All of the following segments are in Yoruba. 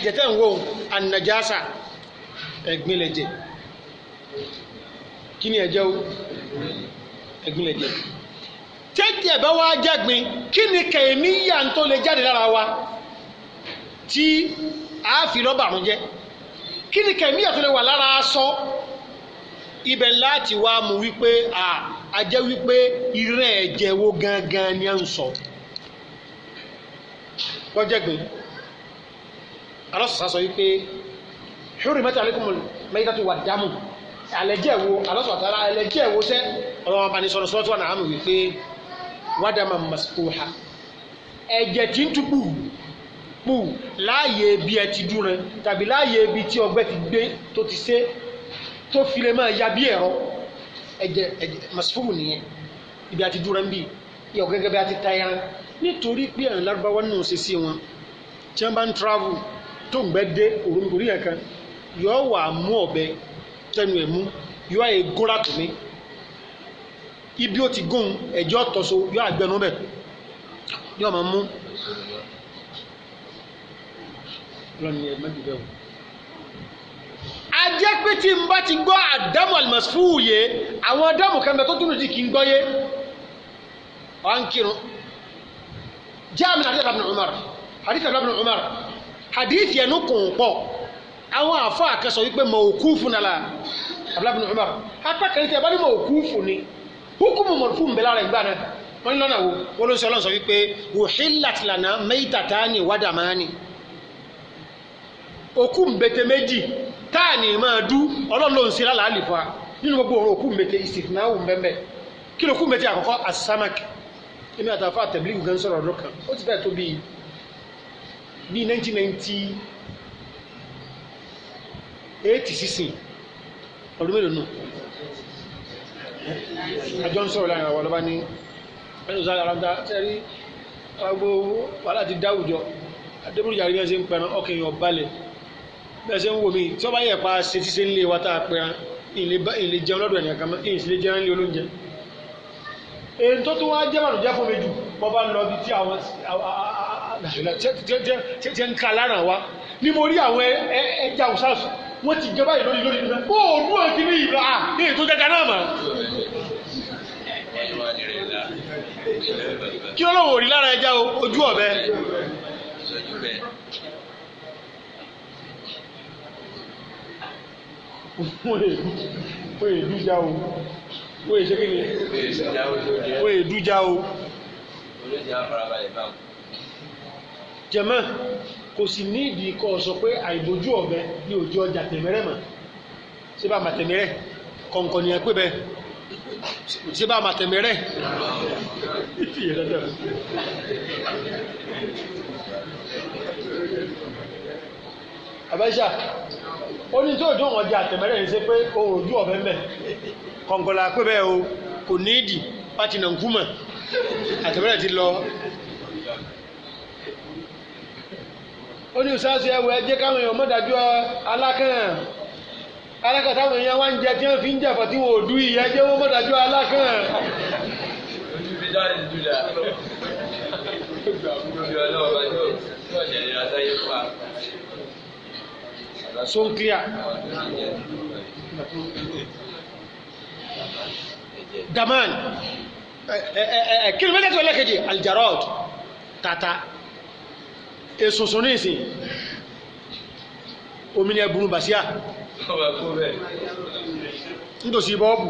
ẹ̀jẹ̀ tẹ̀ ń wò ànàjásà ẹ̀gbin lẹ̀jẹ̀ kí ni ẹ̀jẹ̀ o ẹ̀gbin lẹ̀jẹ̀ tẹ́jẹ̀ bá wá jẹ́gbin kí ni kẹ̀mí yà ń tó lè jáde lára wa tí a fi lọ́ọ́ bàrún jẹ́ kí ni kẹ̀mí yà tó lè wà lára aṣọ ibẹ̀ láti wá mu wípé a a jẹ́ wípé irẹ́ ẹ̀jẹ̀ wo gangan ni à ń sọ. So kọjẹgbin alọ́sọ̀sá sọ wípé ṣúrì mẹ́ta alaykumul maytatu wad damu alẹ́jẹ́ wo alọ́sọ̀tà alẹ́jẹ́ wo sẹ́ ọ̀rọ̀ wọn bani sọ̀rọ̀ sọ́tọ̀ náà hàn wípé wádàmà masfuha ẹ̀jẹ̀ tí ń tu pù pù láàyè ibi ẹ ti dúró tàbí láàyè ibi tí ọgbẹ́ ti gbé tó ti sé tó fi lè máa ya bí ẹ̀rọ ẹ̀jẹ̀ ẹ̀jẹ̀ masfuhu nìyẹn ibi àti dúró ń bì yọ gẹ́gẹ́ bí a ti ta ẹran nítorí pé ẹ̀rìn lárúbáwá nù sí sí wọn tí wọ́n bá ń travel tó ń gbẹ dé orí yẹn kan yọ wà mú ọ̀bẹ tẹnu ẹ̀ mú yọ ẹ̀ gúnra tó mi ibi ó ti gún ẹ̀jẹ̀ ọ̀tọ̀so yọ àgbẹnu bẹ̀ yọ máa mú lọ́nà ẹ̀ mẹ́jọ bẹ́ẹ̀ o. a jẹ́ pé tí n bá ti gbọ́ àdámù àlùmọ̀sífù yé àwọn àdámù kan bẹ tó túnú di kí n gbọ́ yé ọ̀ ń kírun jẹ́ àmì àdìsẹ́ àbúrò Umar àdìsẹ́ àbúrò Umar hadith yẹn kùn pọ̀ àwọn àfọ àkẹsọ wípé mọ̀ọ́kúfù nàlà abúlábùnú Umar apá kan tí a bá ní mọ̀ọ́kúfù ni hukumu mọ̀ọ́kú ń bẹ lára ìgbà náà wọ́n ní lọ́nà wo wọ́n ló ń sọ lọ́nà sọ wípé wòhílà tìlànà mẹ́tàtà ni wàdàmánì òkú mbete méjì táà ní máa dú ọlọ́run ló ń ṣe lálàá lè fọ́ a nínú gbogbo òun òkú mbete ìsìnkú mbẹ́mbẹ́ kí ló kú mbete àkọ́kọ́ asamak èmi àtàfà tẹ̀blígù gan bíi 1998 sísìn ọdún mélòó nù àjọ ń sọ̀rọ̀ láàrin àwọn ọlọ́ba ní ẹnu sáré ara ń ta sẹ́rí gbogbo wàhálà ti dáwùjọ adébúrújàre bí wọ́n ṣe ń pẹran ọkàn èèyàn balẹ̀ bí wọ́n ṣe ń wò mí tí wọ́n bá yẹ̀ pa ṣe ti ṣe ń lé wa tá a pẹran ìlè jẹun lọ́dọ̀ ẹ̀nìyàn kan mọ́ ìsìlè jẹun ń lé olóúnjẹ èyí tó tún wá jẹ́ màdùjẹ́ fún mi jù bọ́ bá lọ bí tí àwọn ṣe ń ka lára wa ni mo rí àwọn ẹja òṣàṣù wọ́n ti jẹ báyìí lórí lórí náà ó rú ọtí ní ìlú à ní ètò jẹjẹ náà mọ̀. kí ọlọ́wọ́ rí lára ẹja ojú ọ̀bẹ. wọ́n èdú já o wọ́n èdú já o. olójà farabalẹ̀ báwo jẹmọ kò sì ní ìdí kọ sọ pé àìbójú ọbẹ ní òjò ọjà tẹmẹrẹ mọ ṣé bá ma tẹmẹrẹ ni ẹ pé bẹ ṣé bá ma tẹmẹrẹ àbẹ́ṣà ó ní tí òjò wọn jẹ àtẹ̀mẹ́rẹ́ yìí ṣe pé ohun ojú ọ̀bẹ ń bẹ̀ kọ̀ǹkọ̀lá pé bẹ́ẹ̀ o kò ní ìdí láti nà ń kú mọ̀ àtẹ̀mẹ́rẹ́ ti lọ ó ní ìsáàsì ẹwẹ jẹ́ káwọn èèyàn mọ́dájú alákàn alákàn táwọn èèyàn wá ń jẹ tí wọ́n fi ń jẹ̀fọ́ tí wọ́n ò dú ìyẹn jẹ́ wọ́n mọ́dájú alákàn. so clear gaman ẹ ẹ ẹ kí ló mẹ́tẹ́tọ́ lẹ́kẹ̀jì aljarod tata esunsun ní ìsìn omi ni ẹbùrún bàṣíà nítòsí bọ́ọ̀bù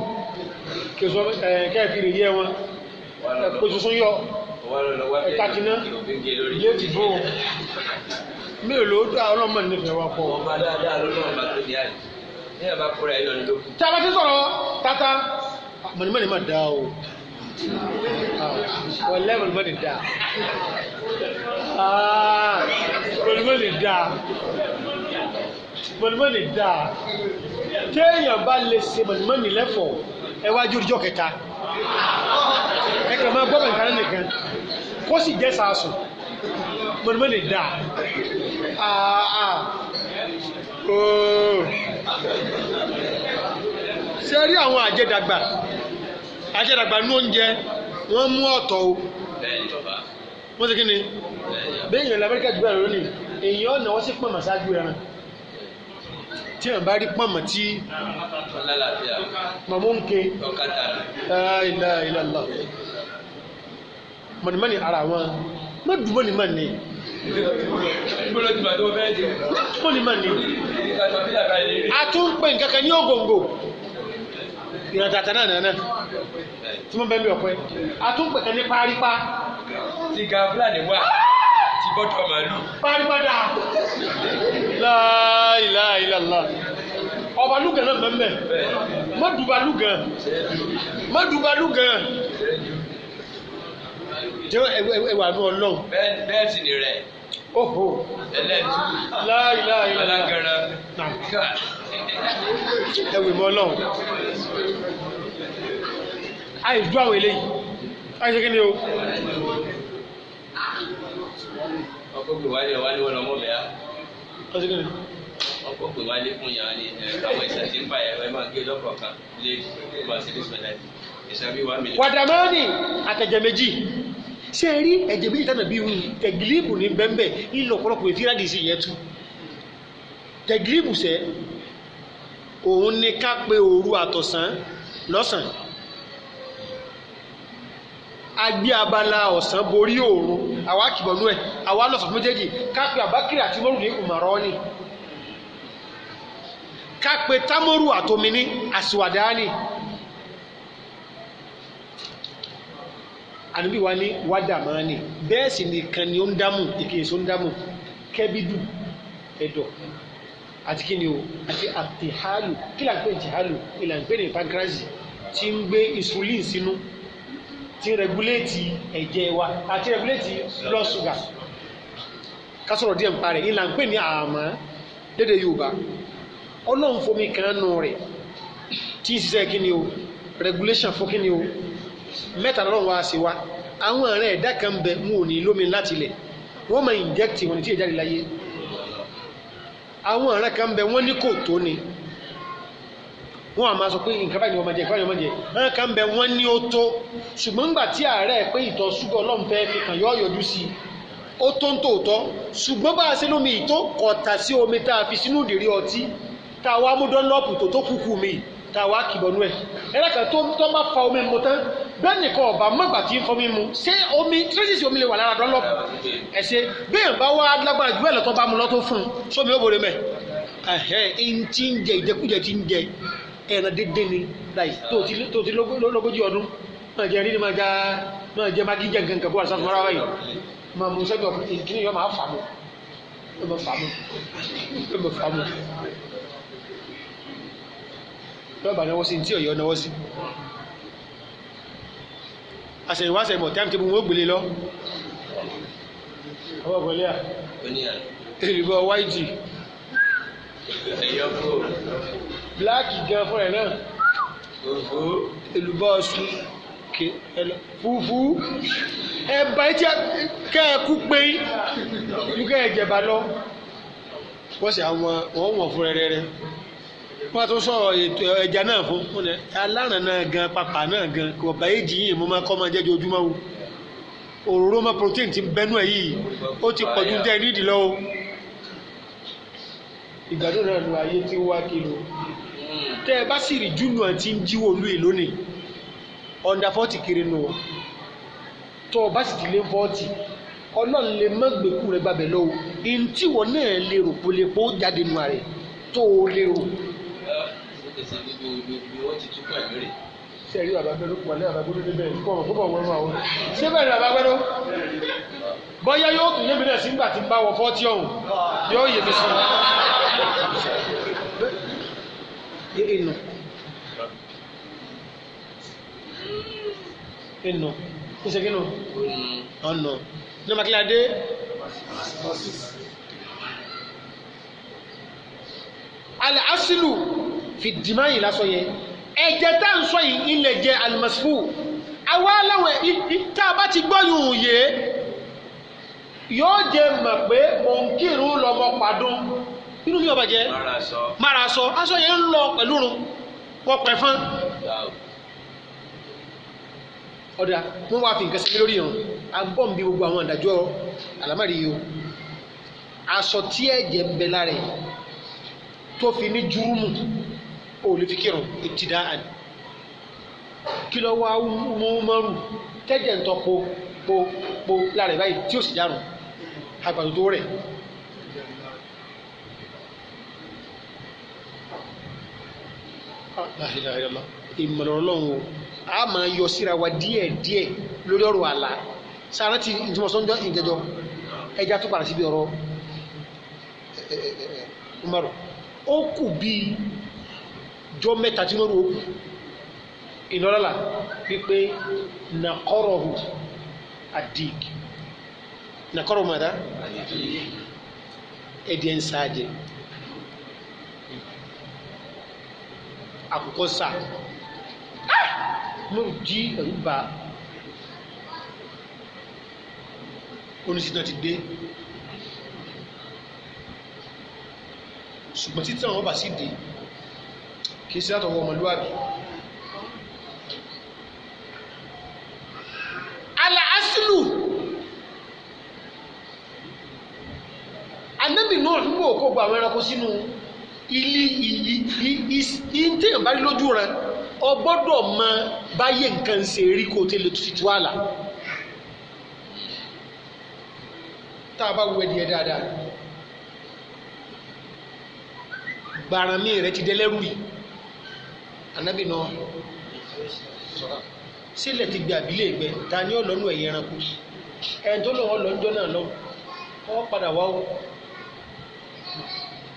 kẹfìrì yẹ wọn ẹ̀pẹ̀sùsùn yọ ẹ̀kàkínà yé ti dùn mélòó ló dá ọlọ́mọ nífẹ̀ẹ́ wa pọ̀. wọn bá dáadáa lọ́nà bá tó ní àyè ní àbá kúrẹ́ ẹ̀ lọ́nà lókun. tí a bá ti sọ̀rọ̀ tata mọ̀nìmọ̀nì máa dá o wọlé olùmọ̀ lè dà money da? dà ah, money da? dà téèyàn bá lè ṣe money ní lẹ́fọ̀ ẹ wájú ọjọ́ kẹta ẹ kàn máa gbọ́dọ̀ nǹkan nìkan kó sì jẹ́ sàásùn mọ̀nìmọ̀ lè dà ṣe rí àwọn àjẹdàgbà àṣẹdàgbà nú oúnjẹ wọ́n mú ọ̀tọ̀ o wọ́n ti kí ni bẹ́ẹ̀ yẹn lamẹ́ríkà jù bẹ́ẹ̀ lónìí èèyàn ọ̀nà wọ́n sì pọ̀ mọ̀ ṣáájú ẹran tí wọn bá rí pọ̀nmọ̀ tí mọ̀mọ́ ń ke ilà ilà lọ mọ̀nìmọ́nì ara wọn má dùn mọ̀nìmọ́nì. mọ̀nìmọ́nì a tún pè nǹkan kan ní ògòǹgò ìrántí ata náà nàá náà tí wọ́n bẹ́ẹ̀ bí ọ̀pẹ àtúnpẹ̀ kan ní paripa. ti ga fúlàní wà ti bọ́tọ̀ màálù. paripa dà láìláìláìlá ọba lùgàn náà bẹ́ẹ̀ mọ́ dubalu gan mọ́ dubalu gan tí ẹ wà ní ọlọ́run. bẹ́ẹ̀ sì ni rẹ̀. oho. ẹlẹ́tù. láì láì láì. alágẹrẹ. ẹ wì mọ ọlọ́run. àì dú àwọn eléyìí àì ṣe kí ni o. ọkọ̀ gbé wálé wálé wọn lọ́mọ bẹ́ẹ̀. ọ̀sẹ̀ kí ni ọkọ̀ pé wálé fún yàrá ni àwọn ìṣẹ̀ tí ń pa ẹ̀rọ ẹ̀ máa gé lọ́kọ̀ kan lé ìgbà sí ní sọ̀dá ìṣàbí wa mílíọ̀nù. wàdàmọ́nì àtẹ̀jẹ̀ méjì ṣé ẹ rí ẹ̀jẹ̀ méjì tánà bí irú tẹ̀gílíìbù ní bẹ́ńbẹ́ ńlọ ọ̀pọ̀lọpọ̀ ètí ìrádìí sí yẹn tú tẹ̀gílíìbù sẹ́ òun ni ká pe òru àtọ̀sán lọ́sàn agbé abala ọ̀sán borí òòrùn àwa kìbọ̀nú ẹ̀ àwa lọ́sàn méjèèjì ká pe àbákìrì àti mọ́rùn ní ìmọ̀rọ́ọ́nì ká pe támọ́rù àtòmíní àsìwàdáánì ànábì wa wada wádàmánì bẹ́ẹ̀ sì nìkan ni ó ń dámù ìkèyèsó ń dámù kẹ́bídù ẹ̀dọ̀ àti kí ni o àti àtìhálù kí là ń pè ní tìhálù ìlà ń pè ní pancreas tí ń gbé insulin sínú tí rẹguléètì ẹ̀jẹ̀ wa àti rẹguléètì blood sugar ká sọ̀rọ̀ díẹ̀ nípa rẹ̀ ìlà ń pè ní àmọ́ dédé Yorùbá ọlọ́run fomi kan nù rẹ̀ tí ń ṣiṣẹ́ kí o regulation fún kí o mẹ́ta lọ́rùn wá sí wa àwọn ọ̀rẹ́ ẹ̀dá kan bẹ wọn ò lómi láti lẹ̀ wọ́n máa inject wọn tí ìjáde láyé àwọn ọ̀rẹ́ kan bẹ wọ́n ní kò tó ni wọ́n á máa sọ pé nǹkan báyìí wọ́n máa jẹ nǹkan báyìí wọ́n máa jẹ ọ̀rẹ́ kan bẹ wọ́n ní ó tó ṣùgbọ́n nígbà tí ààrẹ pé ìtọ̀ ṣúgà ọlọ́run fẹ́ fi kàn yọ́ yọjú sí i ó tó ń tòótọ́ ṣùgbọ́n bá a ṣe lómi ìtó kọ̀ọ̀tà sí omi tá a fi sínú ìdérí ọtí tá a wá mú dánlọ́ọ̀pù tó tó kúkú mi tá a wá kìbọ̀ nú ẹ̀ ẹlẹ́kàn tó tó bá fa omi mu tán bẹ́ẹ̀ nìkan ọ̀bà mọ́gbà tí ń fọmi mu ṣé omi tírísìsì omi lè wà lára dọ́lọ́ ẹ̀ṣẹ̀ bẹ́ẹ̀ bá wá lágbára jù bẹ́ẹ̀ lọ́tọ́ bá mu lọ́tọ́ fún un sómi ó bòrè mẹ́ ẹ̀hẹ́ ń ti ń jẹ ìjẹkújẹ ti ń jẹ ẹran dédé ni láì tó ti lógójì ọdún máa jẹ rí ni máa já máa jẹ má gíjẹ nǹkan kan bó àṣà fúnra wáyé máa mú sẹ́gbẹ̀ọ́ kìnìún yọ máa fà mú ẹ máa fà mú ẹ máa fà mú lọ́ọ̀bà náwó sí tí ọ̀yọ́ náwó sí àṣẹ̀yìnwáṣẹ̀ mọ̀ táìmù tí mo ń gbélé lọ ọwọ́ ọ̀gọ́lẹ́ à èrìbọ̀ wáìtì bíláàkì gan fún ẹ̀ náà èlùbọ́ ọ̀sùn fúfú ẹ bá ẹ tí kẹ́ ẹ kú pé ju kẹ́ ẹ jẹ̀bà lọ wọ́n sì àwọn wọ́n wọ̀n fún rẹ̀ rẹ̀ rẹ̀ wọ́n tún sọ̀rọ̀ ètò ẹja náà fún un alárànà náà gan pàpà náà gan ọ̀bà èjì yìí mo máa kọ́ máa jẹ́ ojoojúmọ́ o òróró mọ́ protein ti bẹ́nu ẹ̀ yìí ó ti pọ̀jù dẹ́ nídìí lọ́wọ́ ìgbàdo náà lu ayé tí wá o tẹ́ ẹ bá sì rí júnù àti ń jíwò lù ú lónìí ọ̀ndà fọ́ọ̀tì kiri nù tó o bá sì ti lé fọ́ọ̀tì ọlọ́run lè má gbẹ̀kú rẹ̀ gbàbẹ̀ lọ́wọ́ ìntìwọ̀ náà lè rò pólépó jáde nù àrẹ̀ tó o lè rò èsì ibi ibi wọ́n ti tún pẹ̀lú rẹ̀. ṣé ẹ̀rí bàbá gbẹ́dọ̀ wọlé bàbá gbẹ́dọ̀ dé bẹ́ẹ̀ kọ́ ọ̀kọ́ bọ̀ wọ́n máa wọ́n. ṣé bẹ́ẹ̀ ni bàbá gbẹ́dọ̀ bọ́yá yóò tún yé mi náà sígbà tí ń bá wọ fọ́tí ọ̀hún yóò yé mi sí i. inú inú ọ̀nà ní makílẹ̀ adé alẹ́ asílù fìdímá yìí lásán yẹn ẹ̀jẹ̀ tá à ń sọ yìí ilẹ̀ jẹ́ alimasifu àwa aláwọ̀ tá a bá ti gbọ́ yòòyè yìí yóò jẹ mọ̀ pé mò ń kírun lọ́mọ padùn inú mi ò bàjẹ́ mara sọ aṣọ yẹn ń lọ pẹ̀lú run wọ́n pẹ̀ fún ọ̀dà wọ́n wá fi nǹkan sí lórí yẹn agbọ́n bí gbogbo àwọn àdájọ́ àlámàrí yìí o aṣọ tí ẹ̀jẹ̀ ń bẹ lára ẹ̀ tó fi ní júrúmù olùfikirun ìtìdáhàn kìlọ̀ wa mú mọ́rù tẹ́jẹ̀ ń tọ́ po po po lára ẹ̀ báyìí tí ó sì dárùn àgbàdo tó rẹ̀. ìmọ̀lọ́rọ̀ ọlọ́run o a máa yọ síra wa díẹ̀ díẹ̀ lórí ọ̀rọ̀ àlá sára ti ìtumọ̀sọ́njọ́ ìjẹjọ́ ẹja tó padà síbi ọ̀rọ̀ Umaru ó kù bíi jọ mẹ́ta tí lóru òkú ìlọ́lọ́lá wípé nàkọ́rọ̀hù àdìg nàkọ́rọ̀hù mọ̀dá ẹ̀díẹ̀ ń sáàjẹ́ àkùkọ sà mo jí ẹ̀rú bá oníṣìná ti dé ṣùgbọ́n títí àwọn ọba sì dé kì í sí látọwọ́ ọmọlúwàbí. ala asilu anabi náà nígbà òkú gba àwọn ẹranko sínú ilé ìyíntèèyàn bá rí lójú rẹ ọgbọ́dọ̀ mọ báyé nǹkan ṣe rí kó tẹ lè tutù àlà tá a bá wọ ẹdìyẹ dáadáa gbaramí rẹ ti dẹlẹrú yìí anabi nù sílẹ̀ ti gbé àbílẹ̀ gbẹ ta ni ó lọ́nu ẹ̀yẹ ẹranko ẹni tó lọ́wọ́ lọ́njọ́ náà lọ wọ́n padà wá o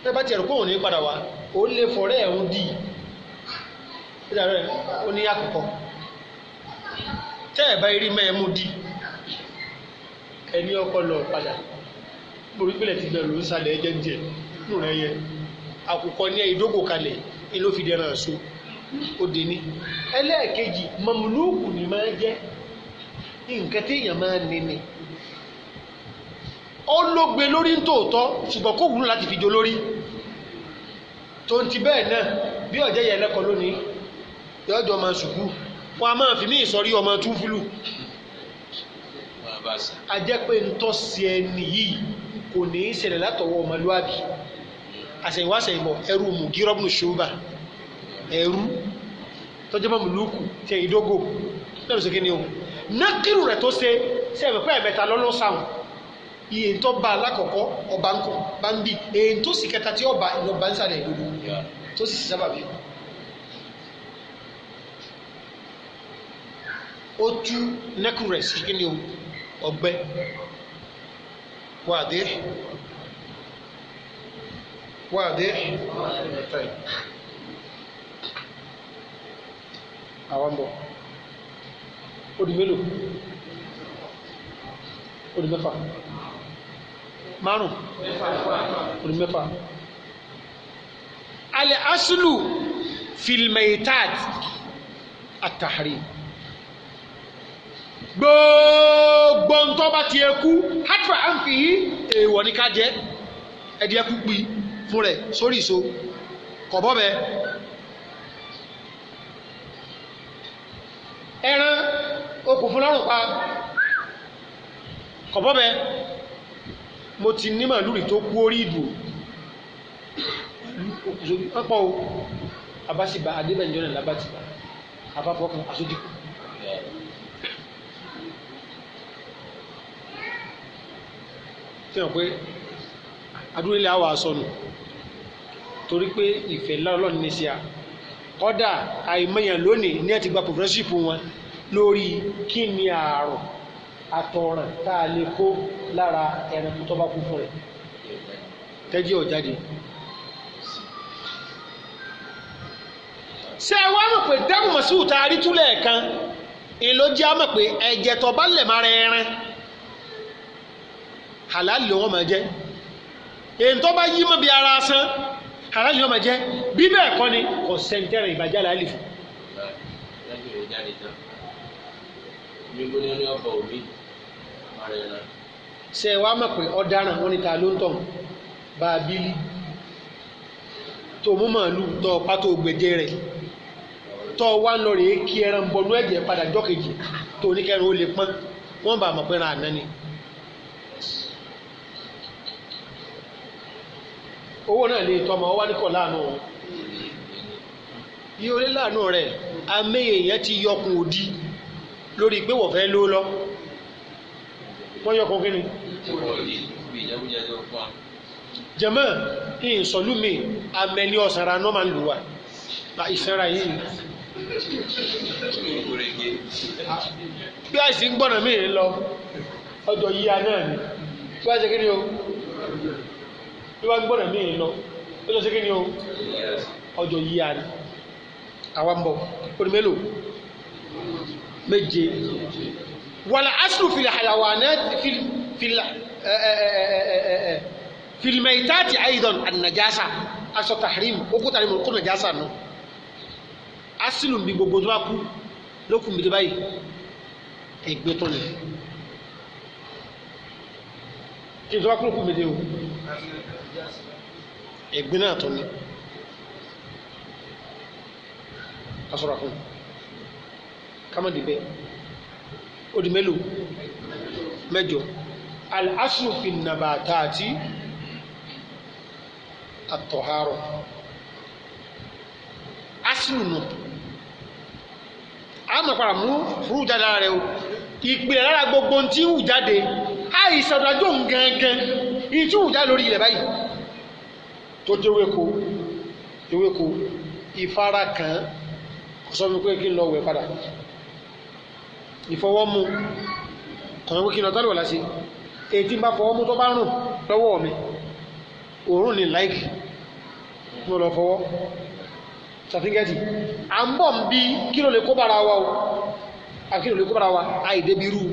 ẹ bá tiẹ̀ rò pé òun ní padà wá ó lé fọ̀rẹ́ ẹ̀ ń dì í ó ní àkọ́kọ́ tẹ́ ẹ̀ bá rí mẹ́ẹ̀mú dì í ẹni ọkọ lọ padà lórí pẹ̀lẹ́ ti bẹ̀rù ń salẹ ẹjẹ ń jẹ nù rẹ yẹ àkùkọ ní ìdógò kalẹ̀ ló fi dẹrán so ó di ní ẹlẹ́ẹ̀kejì mamlúùkù ni máa jẹ́ nǹkan téèyàn máa ní ni ó lógbe lórí nítòótọ́ ṣùgbọ́n kò wúlò láti fi jo lórí tó ń ti bẹ́ẹ̀ náà bí ọ̀jẹ̀ yẹn lẹ́kọ̀ọ́ lónìí yọjọ́ máa ṣùkú wọn a máa fi mí ìsọ̀rí ọmọ túnfúlù a ntọ́sí ẹni yìí kò ní í ṣẹlẹ̀ látọwọ́ ọmọlúwàbí àṣẹ̀yìnwá àṣẹ̀yìnbọ̀ ẹrú mùgírọ́bù ṣùgbọ́n ẹ̀rú tọ́jọ́ mọ́ mùlúkù tí ẹ̀yìn dógò náà ṣe kíni o nákìrù rẹ̀ tó ṣe ṣe ẹ̀mẹ̀ pẹ́ ẹ̀mẹ́ta lọ́lọ́ sáwọn iye tó ba alákọ̀ọ́kọ́ ọba ń kọ̀ bá ń bì èyí tó sì kẹta tí ọba ìlọba ń sàlẹ̀ ìdodo tó sì sábà bí. ó tú nákìrù rẹ̀ sí kíni o ọgbẹ́ wàdé wàdé. àwọn ń bọ̀ ó di mélòó ó di mẹ́fà márùn ó di mẹ́fà alẹ́ asulu filimaitat atahari gbogbo ntọ́ bá ti ẹkú hátìfà á ń fi yí èèwọ̀ ní ká ẹ̀dí ẹkú gbi fún rẹ̀ sórí ìso kọ̀ bọ́ bẹ́ẹ̀. ẹran okùn fún lọ́rùn pa kọ̀bọ́ bẹ mo ti ní màlúù rí tó kú orí ìdù ọ̀pọ̀ o abasiba adébẹ̀njọ́ náà labatiba abafọ́ kan asojúkú. fi hàn pé adúlélẹ̀ àwọ̀ àsọnù torí pé ìfẹ́ lọ́lọ́ni ní sí kọ́dà àìmọ̀yàn lónìí ní ẹ̀tìgbà professorship wọn lórí kí ni ààrùn àtọ̀ràn tá a lè kó lára ẹranko tó bá kú fún rẹ̀ tẹ́jú ọ̀jáde. ṣé ẹ wá mọ̀ pé dẹ́kun mọ̀síwù tá a rí túlẹ̀ kan ìlójú á mọ̀ pé ẹ̀jẹ̀ tó bá lẹ̀ mára ẹran halal ló wọ́n máa jẹ́ èyí tó bá yí mọ́ bí ara san halal ló wọ́n máa jẹ́ bí bẹ́ẹ̀ kọ́ ni kò sẹ́ńtẹ́rì ìbàjá làálì fún. ṣe wá mọ̀ pé ọ̀daràn wọn ni ta ló ń tọ̀ bábílì tó mú màálù tó pátó gbèdé rẹ̀ tó wá ń lọ rèé kí ẹran bọnú ẹ̀jẹ̀ padà jọ́kejì tó oníkẹrin ó lè pọ́n wọ́n bá mọ̀ pé ra àná ni. owó náà lè tọ́ ọmọ ọ ní kọ̀ láàánú wọn bí orí láàánú rẹ̀ amé èèyàn ti yọkùn òdi lórí pé wọ́n fẹ́ ló lọ wọ́n yọkùn kí ni. jẹ̀mọ́ ìsọ̀lú mi amẹ́ni ọ̀sánra náà máa ń lù wá ìsanra yìí bí àìsí ń gbọ́nà míì lọ ọjọ́ yíya náà ni bí wàá ṣe kí ni o bí wàá ń gbọ́nà míì lọ ọjọ́ sí kí ni o ọjọ́ yìí à ní àwa ń bọ̀ ó ní mélòó méje wàlà asùn fìlà àyàwó àná fìlà fìlìmẹ̀ ìtàtì àìdàn ànàjásà aṣọ tàhírìm ókú tàhírìm ókú nàjásà nù asìlù bí gbogbo tó bá kú lókùn bìtì báyìí ẹgbẹ́ tó lẹ̀ kí n tó bá kú lókùn bìtì o ẹ̀gbin náà tó ní kásọ̀rọ̀ fún kámọ́dé bẹ́ẹ̀ ó di mélòó mẹ́jọ al-aslu fi nabatati at-tahara aslu nù àmọ̀pàrà mú fúrú jáde lára rẹ o ìpìlẹ̀ lára gbogbo tí wù jáde àìsàn ọ̀dájọ́ gangan ìtú wù jáde lórí ilẹ̀ báyìí tó jẹ́ ewéko ewéko ìfara kan kò sọ fún mi pé kí n lọ wẹ̀ padà ìfọwọ́mu kò sọ fún mi pé kí n lọ tálùwà láṣẹ èyí tí n bá fọwọ́ mú tó bá rùn lọ́wọ́ mi òórùn ní láìkì mo lọ fọwọ́ sàfíngẹ́tì à ń bọ̀ bí kí ló lè kó bára wa o àbí kí ló lè kó bára wa àìdébirú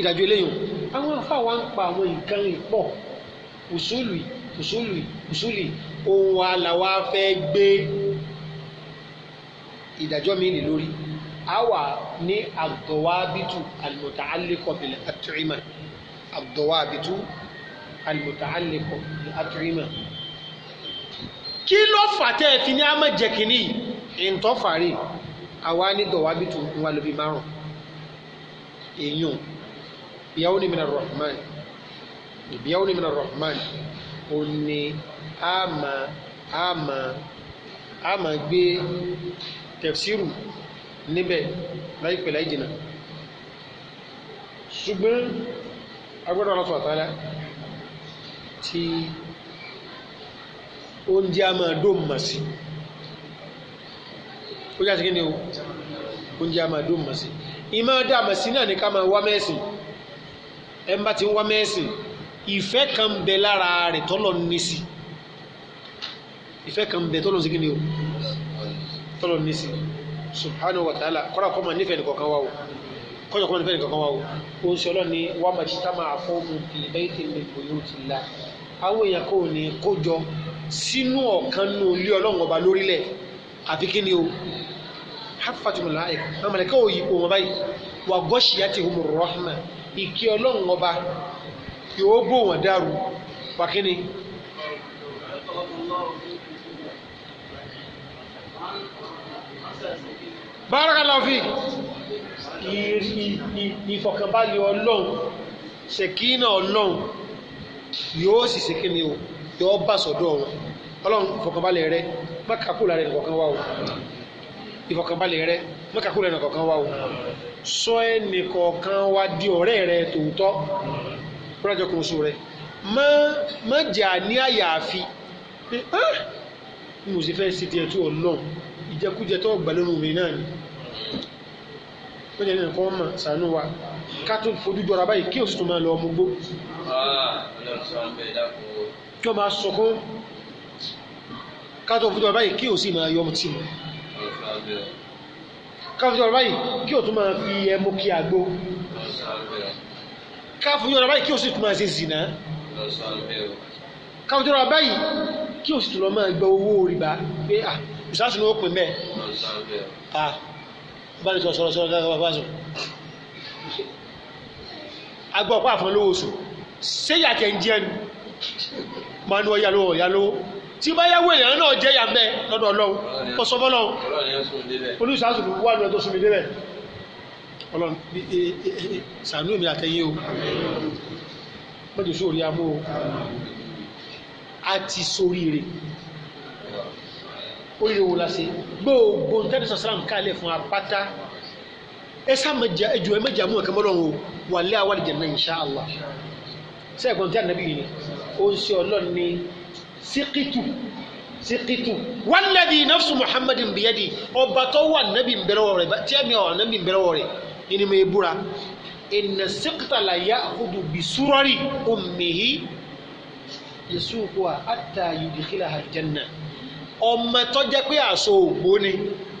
ìdájọ́ eléyìí àwọn afáwa ń pa àwọn nǹkan ìpọ̀ usulu usulu usuli òun wa la wa fẹ́ gbé ìdájọ́ mi nì lórí àwa ní àdọ̀wábìtú àlùmọ̀tàálẹ́kọ̀ bìlẹ̀ àtúrímà àdọ̀wábìtú àlùmọ̀tàálẹ́kọ̀ bìlẹ̀ àtúrímà. kí ló fà tẹ́ ẹ fi ní amájẹkìnní ìǹtọ́fàárì àwa ní dọ̀wábìtú ńwá lóbi márùn-ún èèyàn ìyàwó ni mi nà rọ̀hùnmáì ìbíyàwó ni mina rahman ó ní àmà àmà àmà gbé tẹfsiru níbẹ̀ láìpẹ́ láì jìnnà ṣùgbọ́n agbọ́dọ̀ ọlọtọ àtàlá tí oúnjẹ a máa dó mà sí ó yà sí kí ni o oúnjẹ a máa dó mà sí ìmáa dá mà sí náà ní ká máa wá mẹ́sìn ẹ̀ ń bá ti ń wá mẹ́sìn ìfẹ́ kan bẹ lára rẹ̀ tọ́lọ̀ nísì ìfẹ́ kan bẹ tọ́lọ̀ sí kíni o tọ́lọ̀ nísì subhanahu wa ta'ala kọ́ra kọ́ ma nífẹ̀ẹ́ nìkankan wa o kọ́jọ́ kọ́ ma nífẹ̀ẹ́ nìkankan wa o o ń sọlọ ní wa ma ṣi táma àfọ́mù ìbẹ́yìí ti lè bòyó ti la àwọn èèyàn kò ní kójọ sínú ọ̀kan nù ilé ọlọ́run ọba lórílẹ̀ àfi kíni o hafatumula ayé àwọn mẹlẹkẹ́ òyìnbó wọn báyìí wà gọ́ṣìyà ti hùmù rọ́hìnà ìkí ọlọ́run ọba yóò bò wọ́n dàrú pàkínní. bárakàlá fi ìfọ̀kànbalẹ̀ ọlọ́run ṣèkínà ọlọ́run yóò sì ṣèkínì o yóò bá sọ́dọ̀ wọn ọlọ́run ìfọ̀kànbalẹ̀ rẹ mọ́kàkú lára ẹnì kọ̀ọ̀kan wá o ìfọ̀kànbalẹ̀ rẹ mọ́kàkú lára ẹnì kọ̀ọ̀kan wá o sọ ẹnì kọ̀ọ̀kan wá di ọ̀rẹ́ rẹ tòótọ́ rọ́jò kò sùn rẹ̀ má má jà ní àyàfi pé ah mi ò sì fẹ́ ṣe tiẹ̀ tó ọ̀nà ìjẹkújẹ tó gbà lónìí mi náà ni wọ́n jẹ́ nínú kan sànú wa ká tó fojú jọra báyìí kí òsì tó máa lọ ọmọ gbó. kí wọ́n máa sọkún ká tó fojú jọra báyìí kí òsì máa yọ ọmọ tì mọ́ ká fojú jọra báyìí kí òtún máa fi ẹmu kí àgbo káfù yọ̀rọ̀ báyìí kí o sì tún máa ṣe zìnà káfù yọ̀rọ̀ báyìí kí o sì tún lọ máa gba owó rìbá pé à ìsásùn ló pè mẹ́ẹ̀ à bá ní sọ̀rọ̀ sọ̀rọ̀ sọ̀rọ̀ bá bá sọ̀rọ̀ agbọ́ ọ̀pá àfọ̀n lówó oṣù ṣé yàtẹ̀ ń jẹ́ ni máa ní wọ́n yà lówó yà tí bá yáwó èèyàn náà jẹ́ yà mẹ́ lọ́dọ̀ ọlọ́run ó sọ fọ́lọ́run wà ní ọdún sùn ọlọ́run ṣàánú èmi àtẹ̀yìn o mọ́jọ sórí amó o àti sórí rẹ̀ oríire wo la ṣe gbogbo ntẹ́ni sàṣàlám kálẹ̀ fún apáta ẹ sàmẹjà ẹjọ ẹ mẹjà mú ẹkẹ mọlọrun o wà lé àwọn àlejò náà insha Allah sẹ́ẹ̀gbọ́n tí a nàbí yìí ó ń ṣe ọlọ́run ní síkìtù síkìtù wàlẹ́dì nafsu muhammadin biyadi ọba tó wà nàbí nbẹ̀rẹ̀ wọ̀ rẹ̀ tí ẹ̀mí ọ̀ nàbí nbẹ̀rẹ̀ wọ̀ ní mo búra ìnà sèkítàlà yá àkójọ bisurọ́rì ummihi yasukuha hatta yudkhilaha aljanna ọmọ tó jẹ́ pé aṣọ ògbó ni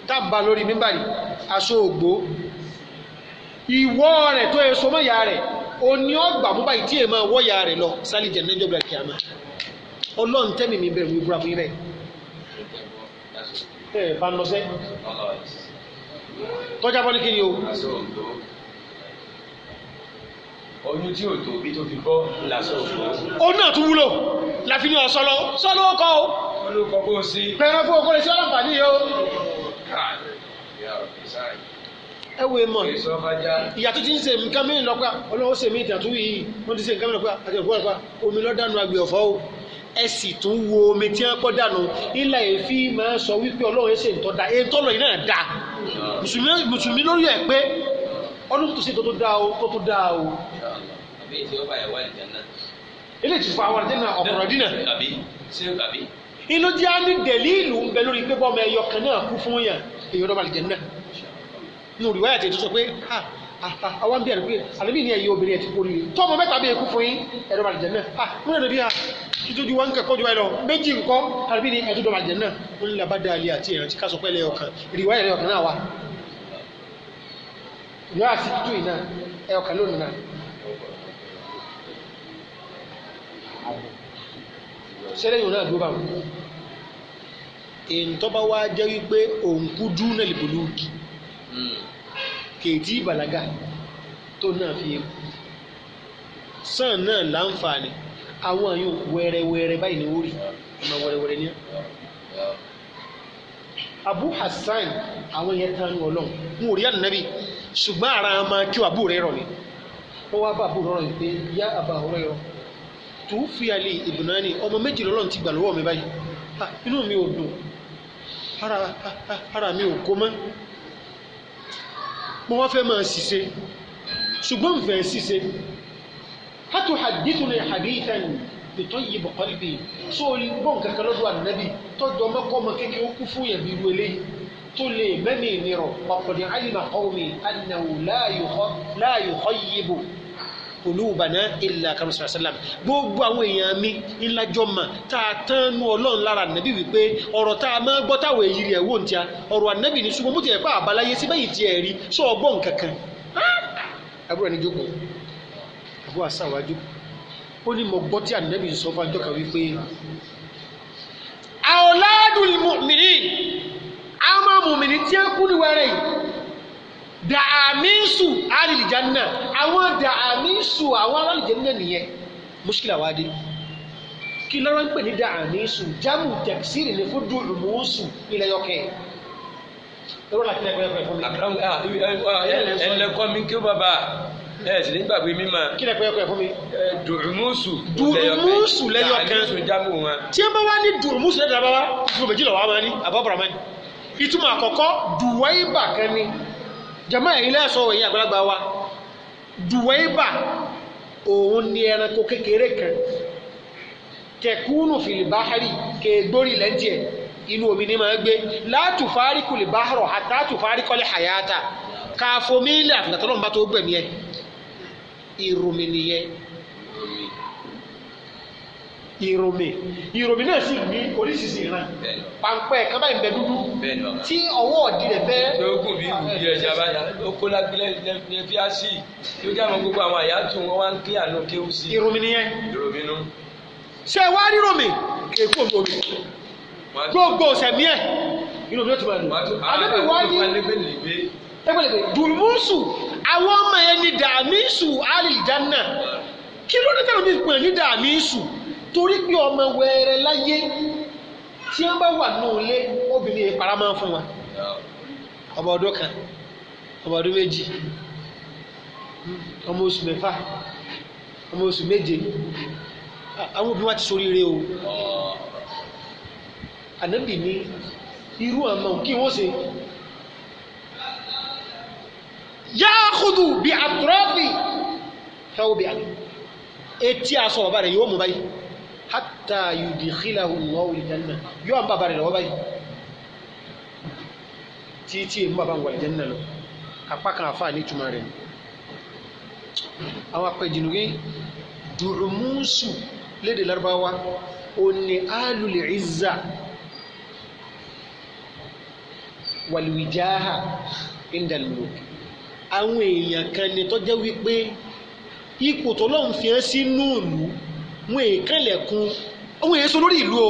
tábà lórí mímbàrí aṣọ ògbó ìwọ rẹ̀ tó yẹ sọmọ ìyá rẹ̀ o ní ọgbà mú báyìí tí èèyàn máa wọ́ ìyá rẹ̀ lọ sálì jẹ̀ níjọ́ bíi àkíyàmá ọlọ́run tẹ́mi mi bẹ̀rù ìbúra fún yín bẹ́ẹ̀. ẹ bá ń lọ sẹ́ tọ́jà bọ́ ní kí ni o. oyún tí ò tóbi tó fi bọ́ làṣọ òfò. oyún náà tún wúlò láfi ní ọ̀sọ́lọ́ sọ́lọ́ kọ́ o. sọ́lọ́ kọ́ bó o sí. pẹ̀rọ fún okòrè sí ọlọ́ǹfààní yìí o. ẹ wo emọ ìyá tó ti ń ṣe nǹkan mìíràn lọ́pàá ọlọ́wọ́ ṣe mí ìtàn tó wí yìí wọ́n ti ṣe nǹkan mìíràn lọ́pàá àti ìfowópamọ́ omi lọ́dàánú àgbẹ̀ ọ̀fọ́ o ẹ sì tún wo omi tí wọ́n pọ́ dànù ilà èéfì máa sọ wípé ọlọ́run ẹ̀ṣẹ̀ ń tọ́da èyí tọ́lọ̀ yìí náà da mùsùlùmí lórí ẹ̀ pé ọdún tó ṣe tó tó dá o tó tó dá o. ilé ìtìfọ àwọn àti náà ọ̀pọ̀rọ̀ dínà inú jẹ́ àmì dẹ̀lí ìlú ń bẹ lórí pé bọ́ọ̀mù ẹ̀yọ kan náà kú fún yàn èyí ọdọ́ bàlẹ̀ jẹ̀ náà nù rí wáyà tètè sọ pé ha ah, àwọn bí ẹ̀rọ̀gbé àlẹ́bí ni ẹ̀yẹ obìnrin ẹ̀tí kórìí tọ́mọ mẹ́ta bí ikú fún yín ẹ̀rọ màlìjẹ̀ náà múlẹ̀ lóbi ha títújú wọn kẹ́kọ̀ọ́ ju wáyé lọ méjì ńkọ́ àlẹ́bí ni ẹ̀tí dọ̀màlìjẹ̀ náà ó ní labádà alẹ́ àti ẹ̀rọ tí kásọ̀ pẹ́lẹ́ ọkàn ìrìwá ẹ̀rẹ́ ọkàn náà wà ìyá àti tútù iná ẹ̀ ọkàn lónìí náà. sẹ́lẹ̀yìn náà dúró báwọn èntọ́ bá wá jẹ́ wípé òǹkú dúnà lè bolú kèétí ìbàlágà tó náà fi ewu sàn náà láǹfààní àwọn àyùn wẹ́rẹ́wẹ́rẹ́ báyìí ni ó rí ọmọ wẹ́rẹ́wẹ́rẹ́ ní. Abu Hassan àwọn yẹn tán ní Ọlọ́run wọn ò rí ànábì ṣùgbọ́n ara máa kí wàá búrẹ́ rọ̀ ni wọ́n wá bá àbúrò rọ̀ pé yá àbá ọ̀rẹ́ rọ̀ tó fi àlè ìbùnání ọmọ méjì lọ́lọ́run ti gbà lọ́wọ́ mi báyìí ah, inú mi ò dùn ara mi ò kó mọ́ mo wá fẹ́ máa ṣiṣẹ́ ṣùgbọ́n n fẹ́ ṣiṣẹ́ hatu hadithuni hadithan tètò yìí bọ̀ kọ́líbì so bọ́n kankan lọ́dọ̀ ànábì tọ́jú ọmọ kọ́ ọmọ kékeré ó kú fún yẹn bí irú tó lè mẹ́mìí nírọ̀ pàpọ̀dé alima qawmi annahu la yukhayyibu qulubana illa kama sallallahu alaihi wasallam gbogbo àwọn èèyàn mi ńlájọ́ mà tá a tán nu ọlọ́run lára nàbí wípé ọ̀rọ̀ tá a máa gbọ́ táwọn èyí rẹ̀ wò ń tíya ọ̀rọ̀ ànábì ní ṣùgbọ́n bó ti yẹ pé àbáláyé sí bẹ́yìí tiẹ̀ rí sọ ọgbọ́n kankan àbúrò ẹni jókòó àbúrò àsáwájú ó ní mo gbọ́ tí ànábì sọ fún àjọkà wípé auladul mu'minin àwọn mùmìnì tí a kú dàmínsù àlìjánná àwọn dàmínsù àwọn àlìjánná nìyẹn muskila wa dé kí lọ́rọ́ ń pè ní dàmínsù jámù tẹ̀síìrì ní fún dùn lùmùsù ilẹ̀ yọkẹ́ ẹlẹ́kọ́ mi kí ó bàbá ẹ sì nígbà pé mímọ. kí ni. pẹ́ ọkọ fún mi. dùrùmùsù dùrùmùsù lẹ́yọ̀ kan tí ẹ bá wá ní dùrùmùsù lẹ́yọ̀ kan bá wá ìtumọ̀ méjìlá wà á máa ní àbábọ̀rọ̀ máa ní ìtumọ̀ àkọ́kọ́ dùwáìbà kan ni jama ilé ẹ̀sọ́ ẹ̀yìn àgbàlagbà wa dùwẹ́bà òun ni ẹranko kékeré kan tẹkúnù fìlìbáhárì kẹgbórí lẹ́ńtì ẹ̀ inú omi ni máa gbé látùfárí kùlìbáhárọ̀ àtàtùfárí kọ́lé hayata káfomílẹ̀ àfìlàtọ́lọ́mbà tó gbẹ̀mí ẹ̀ ìrùmìnìyẹ ìròmè ìròmè náà sì ní oríṣiríṣi ìran pampẹ kan báyìí bẹ dúdú tí ọwọ́ ọ̀dí rẹ̀ bẹ́ẹ̀. pé ó kùn bí ìlú bí ẹja báyà ó kó lágbílẹ̀ ní bí a sì yóò dé àwọn gbogbo àwọn àyà tún wọn wá ń kí àná kéwù sí. ìròmè nìyẹn. ìròmè nù. ṣé ẹ wá rí ròmè èkó gbòmè gbogbo sẹ̀mí ẹ̀ ìròmè ó ti máa lò. àbẹ̀bẹ̀ ah, wá ní ẹgbẹ̀lẹ̀gbẹ̀ dùrùmùsù àwọn ọmọ yẹn ní dàmísù alìjánà kí ló dé tẹ̀lé mi pè ní dàmísù torí pé ọmọ wẹ̀rẹ̀ láyé tí wọ́n bá wà nù lé obìnrin yìí para máa ń fún wa ọmọ ọdún kan ọmọ ọdún méjì ọmọ oṣù mẹ́fà ọmọ oṣù méje àwọn obìnrin wa ti ṣoríire o ànábì ní irú àmọ́ kí wọ́n ṣe yáàkùdù bí àtúrọ́fì fẹ́ obìnrin etí aṣọ ọba rẹ̀ yóò mú báyìí hátà yudikhilahu Allahu aljanna yóò ń bàbá rẹ̀ lọ́wọ́ báyìí títí èmi bàbá ń wà aljanna lọ apá kan àfa ní ìtumọ̀ rẹ̀ àwọn apẹ̀jìnnú yẹn dùrùmùsù lédè lárúbáwá òní alùlẹ̀ ìzà wàlùwìjáhà ìndàlùmọ̀ àwọn èèyàn kan ni tọ́jẹ́ wípé ipò tó lọ́n fi hàn sínú ìlú wọn èkánlẹ̀kùn wọn èso lórí ìlú o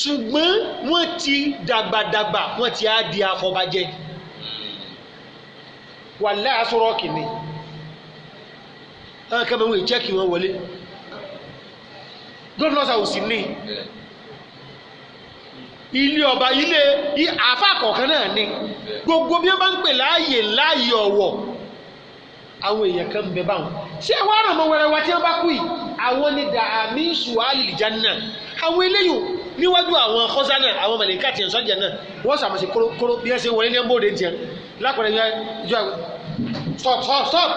ṣùgbọ́n wọ́n ti dàgbàdàgbà wọ́n ti á di afọbajẹ wà láàásọ̀rọ̀ kìíní àwọn kan bẹ wọn ìjẹ́ kí wọ́n wọlé gómìnà sàwùsì ní ilé ọba ilé àfa kọ̀ọ̀kan náà ni gbogbo bí wọ́n bá ń pè láàyè láàyè ọ̀wọ̀ àwọn èèyàn kan bẹ báwọn ṣé wàá ràn mọ wẹrẹ wa tí wọn bá kú yìí àwọn ni dàmí sùhálì jánà àwọn eléyìí níwájú àwọn akọ́sá náà àwọn mẹ̀lẹ́ká tiẹ̀ sọ́jà náà wọ́n sàmùsí kóró bí ẹ ṣe wọlé ní ẹ̀ ń bòde tiẹ̀ lápẹ̀rẹ̀ yẹn jọ stop stop stop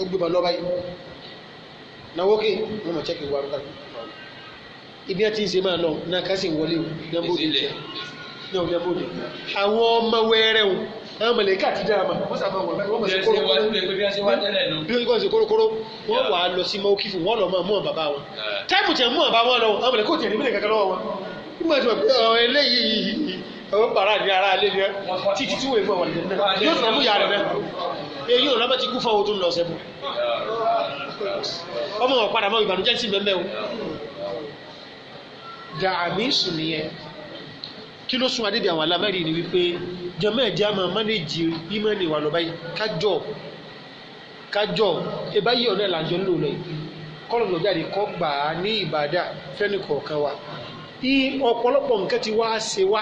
ó gbé bàlọ́ báyìí náwó ké wọ́n mọ̀ chẹ́kì wàrúkà ibi ẹ̀ tí ń ṣe máa lọ náà ká sì wọlé o ní ẹ̀ ń bòde tiẹ̀ ní ẹ̀ ń bòde àwọn ọmọ wẹ́rẹ́ o àwọn mẹlẹkà ti dára ma wọn sábà wọn wọn sì kóró kóró bí wọn sì kóró kóró wọn wà á lọ sí mọ́kífù wọn lọ mọ́ àwọn bàbá wọn táìmù tiẹ̀ mú àbá wọn lọ àwọn mẹlẹkà ò tiẹ̀ ní mílẹ̀ kankan lọ́wọ́ wọn nígbà tí wọn pé ọ eléyìí àwọn bàrà ní ara alẹ́ ni ẹ títí tí wọ́n wọlé náà yóò tún àmúyà rẹ̀ náà èyí ò lọ́mọ ti kú fọwọ́ tó ń lọ o dàmí sùn nìyẹn kí ló sún adébí àwọn alámẹ́rin ni wípé jẹ́mọ́ ẹ̀jẹ̀ àmọ́ mánéjì ìmọ̀ọ́nì wà lọ́ba yìí kájọ kájọ ìbáyé ọ̀nà ìlànà ńlò lọ yìí kọ́lọ̀ lọ jáde kọ́ gbà á ní ìbàdà fẹ́ni kọ̀ọ̀kan wa ọ̀pọ̀lọpọ̀ nǹkan ti wá ṣe wá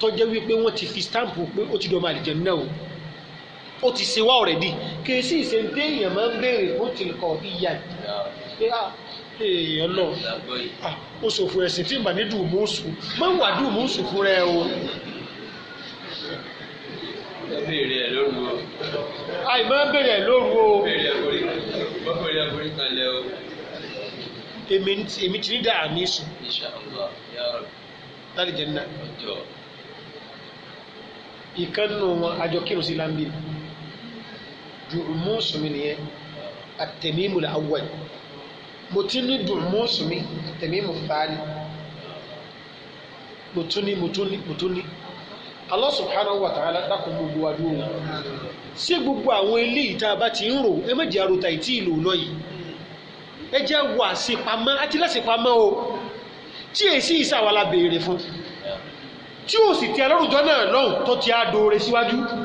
tọ́jẹ́ wípé wọ́n ti fi stampu pé ó ti dọ̀mọ àlìjẹ náà o ó ti ṣe wá ọ̀rẹ́dì kì í sì ṣe ń dé èèyàn máa ń béèrè pé à ah, èèyàn náà à ó ṣòfò ẹ̀sìn tí ìbàní dùmùsù má wà dùmùsù fún rẹ o. béèrè ẹ lóru o. àì má béèrè ẹ lóru o. béèrè ẹ borí má béèrè ẹ borí kalẹ̀ o. èmi ti ní dáa ní sùn. Insha Allah ya Rabbi. láti jẹ́ nínú. ọjọ́ ìkànnù wọn àjọ kírun sí lámbì jùmùsù mi nìyẹn at-Tamimul mo ti ní dùn mú sùn mi tèmi mò fà á ni mo tún ní mo tún ní mo tún ní Allah subhanahu wa ta'ala dákun gbogbo wa dúró ṣé gbogbo àwọn eléyìí tá a bá ti ń rò ẹ má jẹ́ àròtà ìtì ìlò náà yìí ẹ jẹ́ wà sípamọ́ àti lásìpamọ́ o tí èsì ìsàwàlà béèrè fún tí ò sì ti alárùjọ náà lọ́hùn tó ti á doore síwájú. Si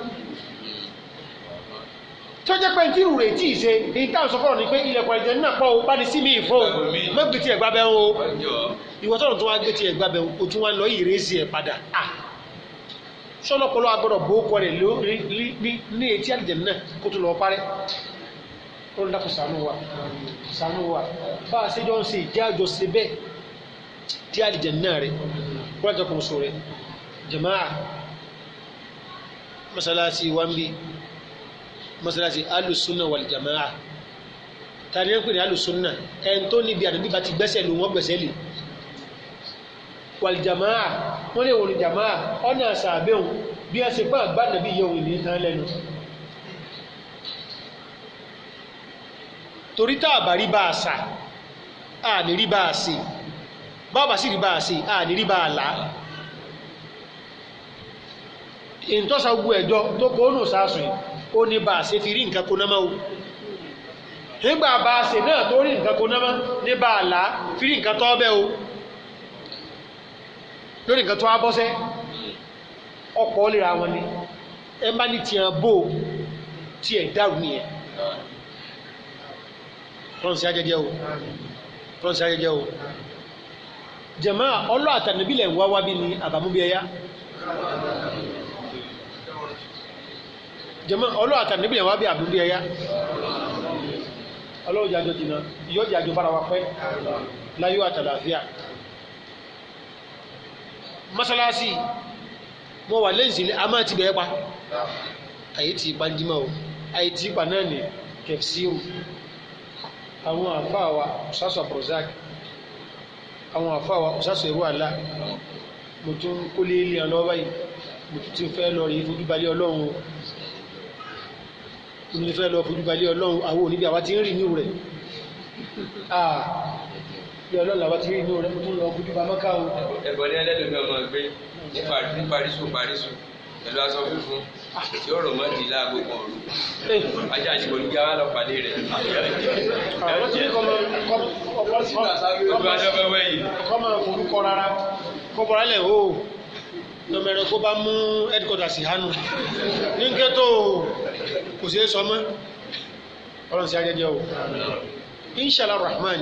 tó jẹ́ pé tí ìrù rẹ̀ tí ì ṣe èyí táwọn sọ fọ́ọ̀rọ̀ ni pé ilẹ̀kùn àìjẹ́ náà pọ̀ ó bá ní sí mi ìfọ́ o má gbé tiẹ̀ gbábẹ́ o ìwọ tọ́nà tó wá gbé tiẹ̀ gbábẹ́ o tún wá lọ ìrèsì ẹ̀ padà à sọlọpọlọ agbọ́dọ̀ bó kọ rẹ̀ ní etí àìjẹ́ náà kó tó lọ parẹ́ ó ń dákun sànú wa sànú wa bá a ṣe jọ ń ṣe ìjẹ́ àjọ ṣe bẹ́ẹ̀ tí àìjẹ́ náà rẹ̀ kó lájọ kò sọ rẹ̀ jàmáà mọ́sálásí wa ń bí mọ́sálásí alùsùnà wàlìjàmáà tani ẹ̀ ń pè ní alùsùnà ẹn tó níbi àdúgbò bá ti gbẹ́sẹ̀ ló wọ́n gbẹ̀sẹ̀ lè wàlìjàmáà wọ́n lè wọ̀n jàmáà ọ̀nà àṣàbẹ̀wò bí ẹ ṣe pé àgbà nàbí yẹ òun ìlú tán lẹ́nu. torí tá a bá rí bá a sà á ní rí bá a sè bá a bá sì rí bá a sè á ní rí bá a là á ẹ̀jọ́ tó kọ́ ọ́nà sáàsùn yìí ó ní bá a ṣe fi rí nǹkan kan náà mọ́ o nígbà bá a ṣe náà tó rí nǹkan kan náà mọ́ ní bá fi rí nǹkan tó bẹ́ o lórí nǹkan tó wá ọ̀pọ̀ lè ra wọn ni ẹ bá ní tiẹ̀ bò ó tiẹ̀ dàrú nìyẹn tọ́nsí ajẹjẹ o tọ́nsí ajẹjẹ o jẹ̀mọ́ ọlọ́ àtànàbílẹ̀ ń wá wá bí ni àbámúbíẹ́yá jẹmọ ọlọ́wọ́ àtàwọn níbi yẹn wá bí àdúgbò ẹ̀yà ọlọ́wọ́ jàjọ jìnnà yóò jàjọ bára wa pẹ́ láyọ̀ àtàlàfíà mọ́sálásí mo wà lẹ́yìn sílẹ̀ a máa ti bẹ̀ẹ́ pa àyè tí ipa ń dímọ̀ o àyè tí ipa náà ní kẹfsíù àwọn àfáà wa ọ̀sásọ̀ brozak àwọn àfáà ọ̀sásọ̀ ìrú àlá mo tún kólé ilé ọlọ́wọ́ báyìí mo tún ti fẹ́ lọ rí fojú balẹ̀ ọlọ́run o oní fẹ́ lọ fojú balẹ̀ ọlọ́run àwọn oníbi àwa ti ń rí inú rẹ̀ bí ọlọ́run àwa ti rí inú rẹ̀ mo tún lọ fojú balẹ̀ ká o. ẹ̀bọ̀n ní ẹlẹ́dùn mi ọmọ gbé ní parísù parísù pẹ̀lú aṣọ funfun tí ó rò mọ́ di láago kan òru ajá àṣìkò ní kí wọ́n lọ pàdé rẹ̀. àwọn tí kò máa kọ́ sílẹ̀ sábẹ́ ojú aṣọ fẹ́fẹ́ yìí. kọ́ máa forúkọ rárá kó bọ̀rọ̀ alẹ̀ o lọ́mọ ẹ̀rọ kó bá mú headquarters hànú ní kẹ́tọ́ o kò sí sọ mọ́ ọlọ́run sí ajẹ́jẹ́ o inshallah rahman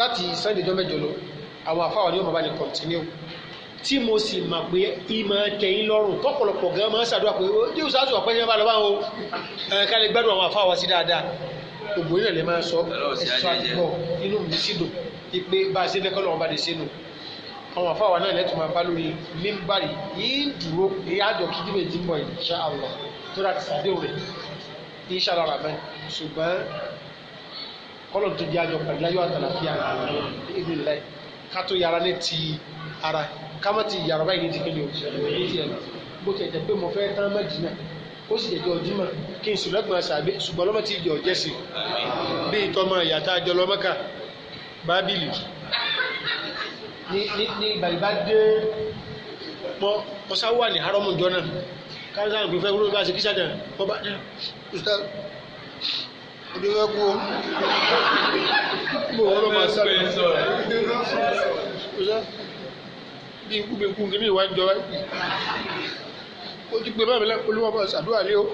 láti sunday jọ́ mẹ́jọ lọ àwọn àfáwà ni wọ́n máa bá ní kọ̀ntínú tí mo sì mọ̀ pé ìmọ̀ tẹ̀yìn lọ́rùn tọ́pọ̀lọpọ̀ gan máa ń ṣàdúrà pé yóò ṣáàtù ọ̀pẹ́ yẹn bá lọ báwo ká lè gbádùn àwọn àfáwà sí dáadáa gbogbo yìí lè máa sọ ẹ̀sọ́ àgbọ̀ inú mi sì dùn pé bá a ṣe fẹ́ kọ́ lọ́wọ́ bá lè ṣe nù àwọn àfáwà náà lẹ́tùmọ̀ bá lórí mímbàrì yìí dúró èyí àjọ kìdí méjì ń bọ̀ insha Allah tó dà ti sàdéhùn rẹ̀ inshallah rahman ṣùgbọ́n kọ́lọ̀ tó di àjọ pẹ̀lú ayọ̀ àtàlàfíà ìdí lẹ̀ ká tó yára ní ti ara ká má ti yàrá báyìí ní ti kéde o bó ti ẹ̀jẹ̀ pé mo fẹ́ tán mẹ́jìnà ó sì jẹjọ ọdúnmọ̀ kí n sùlọ́gbọ̀n sàbí ṣùgbọ́n lọ́mọ tí ìjọ jẹ́ sí bí ìtọ́mọ ìyàtọ̀ àjọ lọ́mọ́kà bábìlì ní ìgbà ìbá dé pọ́ ọ̀sá wà ní haramu jọ náà kárísà ògbé fẹ́ wúlò bá ṣe kíṣà dẹ̀ wọ́n bá dẹ̀ ustaz òde fẹ́ kú o mo wọ́n lọ máa sáré ustaz bí ikú mi kú kí ni ìwà ń jọra o ti gbé báyìí lẹ́kọ̀ọ́ olúwa bá ṣàdúrà lé o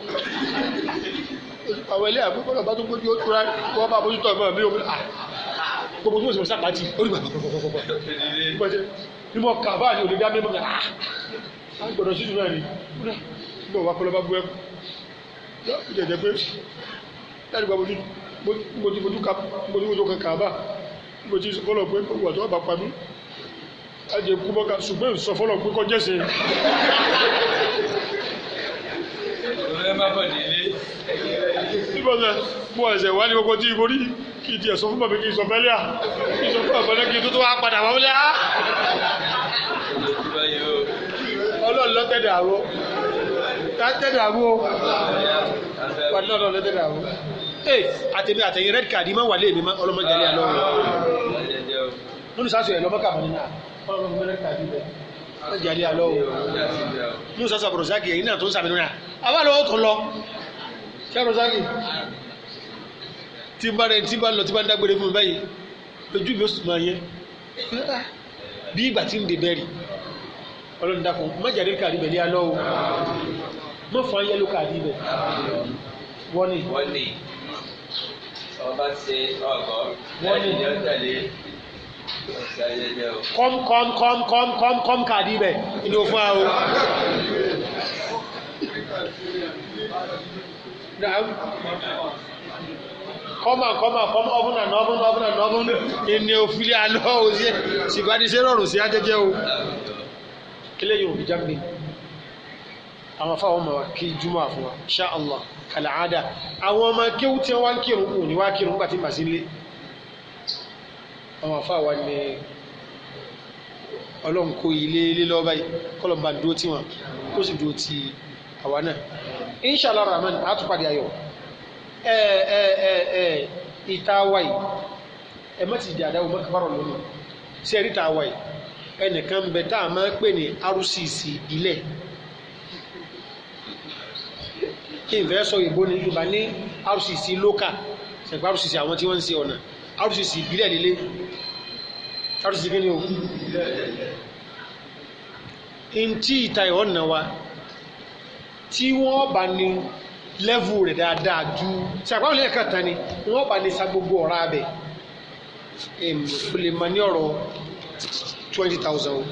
àwọn ilé àgbẹ̀kọ́ náà bá tó gbójú ó tura wọ́n bá bójú tọ̀ mọ́ mi ò ah, gbogbo tí mo sì mọ̀ sápàtì orí bàbá kọ̀kọ̀kọ̀kọ̀ ní mo kà báyìí òde dá mi mọ́ mi ah, à gbọ́dọ̀ sí ìdúrà ni bí wọ́n bá kọ́ lọ bá bú ẹkú jẹjẹ pé láti gba mojú mojú kan kàábà mojú fọlọ pé wà tó bá pa mí ajẹ kú bọ́ka ṣùgbọ́n sọ fọlọ pé kọjá ṣe. ọ̀rẹ́ má bọ̀ nílé. níbọ̀sẹ̀ mo ẹ̀sẹ̀ wá ní gbogbo tí mo rí kí n tiẹ̀ sọ fún bàbá kí n sọ fẹ́lẹ́ à kí n sọ fún bàbá kí n tó tó wá padà wá wọlé à. ọlọ́run lọ́tẹ̀dẹ̀ tẹ́tẹ̀dà wú o wà lọ́dọ̀ ló tẹ́tẹ̀dà wú. ee àtẹ̀mí àtẹ̀yìn red card máa wà lé mi ọlọ́mọ jàlẹ́ àlọ́ wọn. lónìí sásù ẹ̀ lọ́mọ kàmọ́ nínú ọlọ́mọ red card bẹ̀ ọlọ́mọ jàlẹ́ àlọ́ wọn. lónìí sásù àbùrọ̀sáàkì ẹ̀yìn náà tó ń sàmì náà àbá lọ́wọ́ tó ń lọ. ṣé àbùrọ̀sáàkì tí n bá rẹ tí n bá lọ tí n bá dágbére fún mi báyìí ojú mi ó sì máa yẹ bí ìgbà tí ń de bẹ́ẹ̀rì ọlọ́run dákun má jàre kárí mọ fọ yẹlo káàdì bẹ wọni. wọni ọba ṣe ọgọ lẹ́yìn yọ tẹ̀lé come, come, come, come, come, come, káàdì bẹ ní o fún wa o. kọ́mà kọ́mà kọ́mà ọ̀bùn nà nọ́bùn ọ̀bùn nà nọ́bùn ẹni òfìlẹ̀ alọ́ òsì ṣìgbàdìsẹ́ rọrùn sí ajẹ́jẹ́ o kílẹ̀ yóò fi jáde àwọn afáwọn ọmọ kí júmọ́ àfún wa insha Allah kàlàáda àwọn ọmọ kéwù tí wọ́n wá ń kírun kù ní wá kírun nígbà tí màá sí lé àwọn afáwa ni ọlọ́run kó ilé ilé lọ́wọ́ báyìí kọ́lọ́n bá dúró tí wọn kó sì dúró ti àwa náà insha Allah rahman àtúpàdé ayọ̀ ẹ ẹ ẹ ẹ ìta wáyìí ẹ má ti di àdáwò mọ́ kábàrọ̀ lónìí sí ẹ̀rí ìta wáyìí ẹnìkan bẹ tá a máa ń pè ní rcc ilẹ̀. kí n fẹ́ sọ òyìnbó ní yorùbá ní rcc local ṣẹ̀gbá rcc àwọn tí wọ́n ń ṣe ọ̀nà rcc ìbílẹ̀ líle rcc kí ni o ntí ìta ìwọ́nà wa tí wọ́n bá ní lẹ́vù rẹ̀ dáadáa ju ṣàpá òlẹ̀ ẹ̀ka tán ni wọ́n bá ní sa gbogbo ọ̀rá abẹ o lè mọ ní ọ̀rọ̀ twenty thousand o.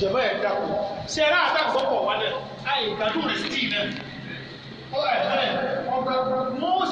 jẹ̀mọ́ ẹ̀ dákun ṣe é rà àtàkùn sọ́kọ̀ wa náà àyè ìgbàdùn sí tì náà. Mose.